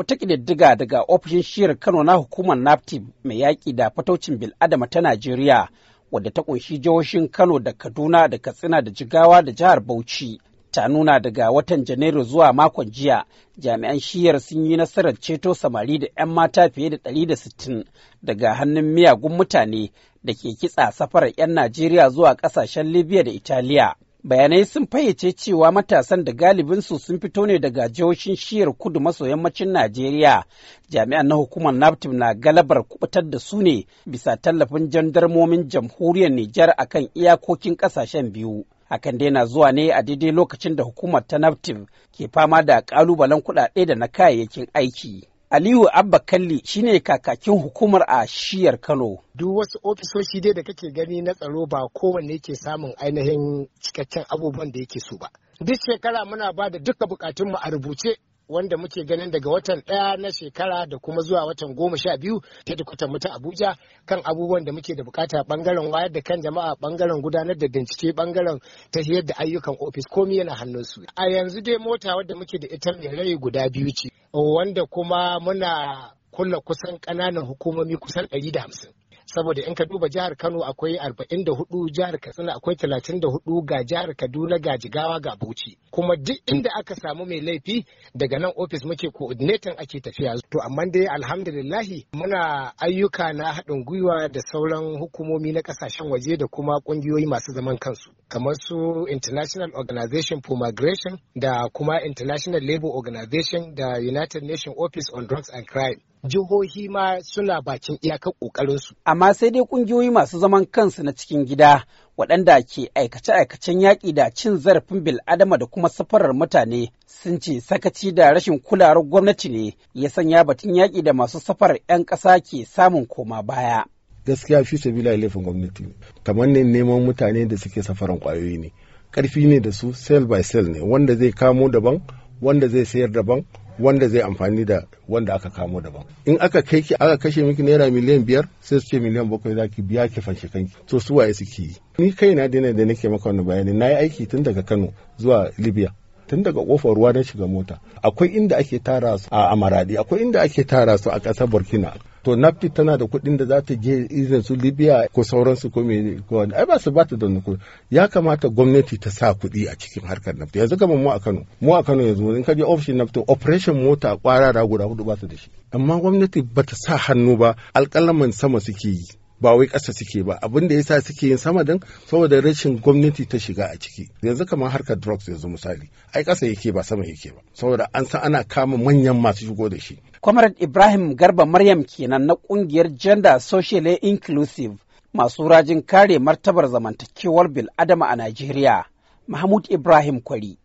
wata ƙididdiga daga ofishin shiyar Kano na hukumar nafti mai yaƙi da fataucin bil'adama ta Najeriya wadda ta ƙunshi jihohin Kano da Kaduna da Katsina da Jigawa da jihar Bauchi. Ta nuna daga watan Janairu zuwa makon jiya jami'an shiyar sun yi nasarar ceto samari da 'yan mata fiye da ɗari da sittin, daga hannun miyagun mutane da ke kitsa safarar 'yan Najeriya zuwa ƙasashen Libya da Italiya. bayanai sun fayyace cewa matasan da galibinsu sun fito ne daga jihohin shiyar kudu maso yammacin najeriya jami'an na hukumar naptim na galabar kubutar da su ne bisa tallafin jandarmomin jamhuriyar nijar a kan iyakokin ƙasashen biyu hakan dai na zuwa ne a daidai lokacin da hukumar ta naptim ke fama da kalubalen kuɗaɗe da na kayayyakin aiki Aliyu Abba Kalli shine kakakin hukumar a shiyar Kano. Duk wasu ofisoshi dai da kake gani na tsaro ba kowanne yake samun ainihin cikakken abubuwan da yake so ba. Duk shekara muna ba da duka bukatunmu a rubuce wanda muke ganin daga watan ɗaya na shekara da kuma zuwa watan goma sha biyu ta dukutan mutu abuja kan abubuwan da muke da bukata bangaren wayar da kan jama'a bangaren gudanar da bincike bangaren hiyar da ayyukan ofis komi yana hannunsu a yanzu dai mota wadda muke da ita mai rai guda biyu ce wanda kuma muna kulla kusan ƙananan hukumomi kusan ɗari da hamsin saboda in ka duba jihar Kano akwai 44 jihar Katsina akwai 34 ga jihar Kaduna ga Jigawa ga Bauchi kuma duk inda aka samu mai laifi daga nan ofis muke coordinating ake tafiya to amma dai alhamdulillah muna ayyuka na haɗin gwiwa da sauran hukumomi na ƙasashen waje da kuma ƙungiyoyi masu zaman kansu kamar su International Organization for Migration da kuma International labor Organization da United Nations Office on Drugs and Crime. Jihohi ma suna bakin iyakar ƙoƙarinsu. Amma sai dai ƙungiyoyi masu zaman kansu na cikin gida waɗanda ke aikace-aikacen yaƙi da cin zarafin bil'adama da kuma safarar mutane sun ce sakaci da rashin kulawar gwamnati ne ya sanya batun yaƙi da masu safarar 'yan ƙasa ke samun koma baya. gaskiya fi sabila laifin gwamnati ne kamar ne neman mutane da suke safaran kwayoyi ne karfi ne da su sell by sell ne wanda zai kamo daban wanda zai sayar daban wanda zai amfani da wanda aka kamo daban in aka kai ki aka kashe miki naira miliyan biyar sai su ce miliyan bakwai za ki biya ki fanshe kanki to su waye suke yi ni kai na dai da nake maka wani bayani na yi aiki tun daga kano zuwa libya tun daga kofar ruwa na shiga mota akwai inda ake tara su a amaradi akwai inda ake tara su a ƙasar burkina to nafti tana da kuɗin da za ta je izin su libya ko sauransu ko me ko ai ba su bata da nuku ya kamata gwamnati ta sa kuɗi a cikin harkar nafti yanzu gaba mu a Kano mu a Kano yanzu in ka je ofishin nafti operation mota kwarara guda hudu ba su da shi amma gwamnati ba ta sa hannu ba Alkalaman sama suke yi ba wai ƙasa suke ba abin da yasa suke yin sama din saboda rashin gwamnati ta shiga a ciki yanzu kamar harkar drugs yanzu misali ai ƙasa yake ba sama yake ba saboda an san ana kama manyan masu shigo da shi comrade ibrahim garba maryam kenan na kungiyar gender socially inclusive masu rajin kare martabar zamantakewar bil adama a nigeria Mahmud Ibrahim Kwari,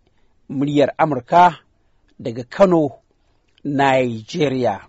muryar Amurka daga Kano, nigeria.